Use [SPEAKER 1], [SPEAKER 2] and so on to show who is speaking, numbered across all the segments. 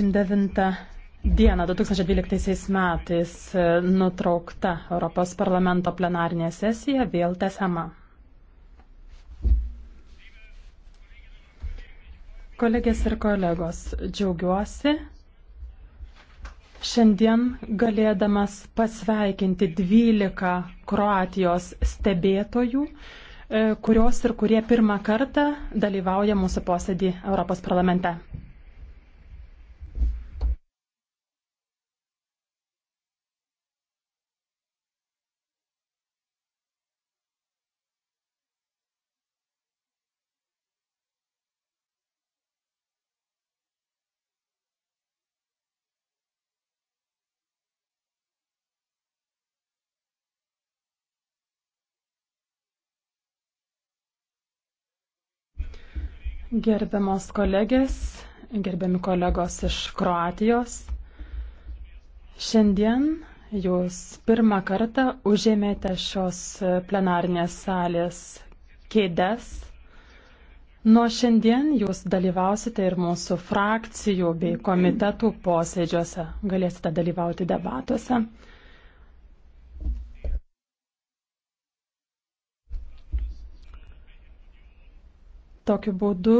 [SPEAKER 1] 29 dieną 2012 metais e, nutraukta Europos parlamento plenarinė sesija vėl tesama. Kolegės ir kolegos, džiaugiuosi šiandien galėdamas pasveikinti 12 Kroatijos stebėtojų, e, kurios ir kurie pirmą kartą dalyvauja mūsų posėdį Europos parlamente. Gerbiamos kolegės, gerbiami kolegos iš Kroatijos, šiandien jūs pirmą kartą užėmėte šios plenarnės salės kėdes. Nuo šiandien jūs dalyvausite ir mūsų frakcijų bei komitetų posėdžiuose, galėsite dalyvauti debatuose. Tokiu būdu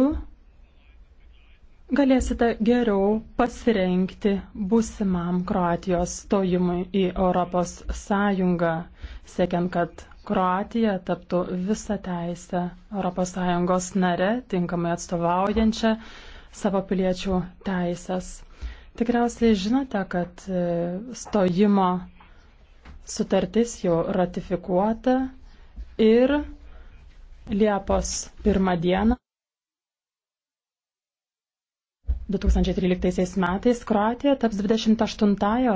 [SPEAKER 1] galėsite geriau pasirenkti būsimam Kroatijos stojimui į Europos Sąjungą, siekiant, kad Kroatija taptų visą teisę Europos Sąjungos nare, tinkamai atstovaujančią savo piliečių teisės. Tikriausiai žinote, kad e, stojimo sutartis jau ratifikuota ir Liepos 1 dieną 2013 metais Kroatija taps 28-ąją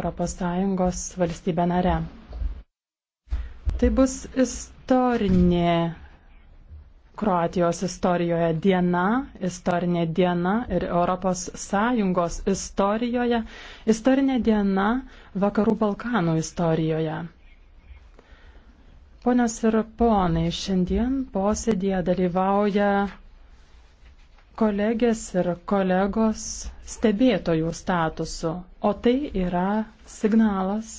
[SPEAKER 1] ES valstybę narę. Tai bus istorinė Kroatijos istorijoje diena, istorinė diena ir ES istorijoje, istorinė diena Vakarų Balkanų istorijoje. Ponios ir ponai, šiandien posėdėje dalyvauja kolegės ir kolegos stebėtojų statusu, o tai yra signalas,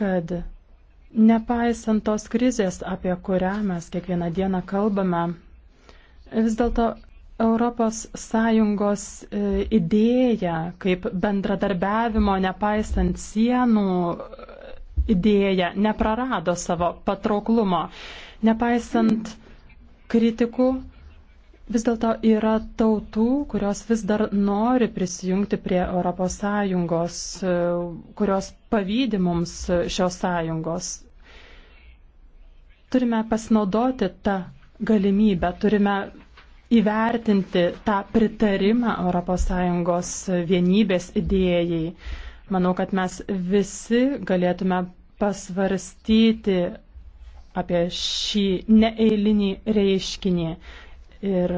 [SPEAKER 1] kad nepaisant tos krizės, apie kurią mes kiekvieną dieną kalbame, vis dėlto Europos Sąjungos e, idėja kaip bendradarbiavimo, nepaisant sienų, idėja neprarado savo patrauklumo. Nepaisant kritikų, vis dėlto yra tautų, kurios vis dar nori prisijungti prie ES, kurios pavydi mums šios sąjungos. Turime pasinaudoti tą galimybę, turime įvertinti tą pritarimą ES vienybės idėjai. Manau, kad mes visi galėtume pasvarstyti apie šį neeilinį reiškinį ir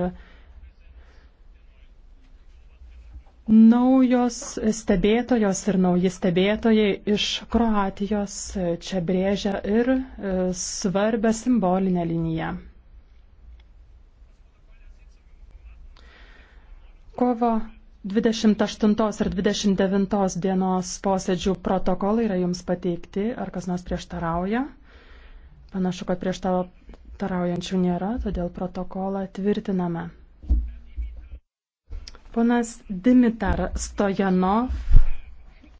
[SPEAKER 1] naujos stebėtojos ir nauji stebėtojai iš Kroatijos čia brėžia ir e, svarbę simbolinę liniją. Kovo 28 ir 29 dienos posėdžių protokolai yra jums pateikti, ar kas nors prieštarauja. Panašu, kad prieštaraujančių nėra, todėl protokolą tvirtiname. Ponas Dimitar Stojanov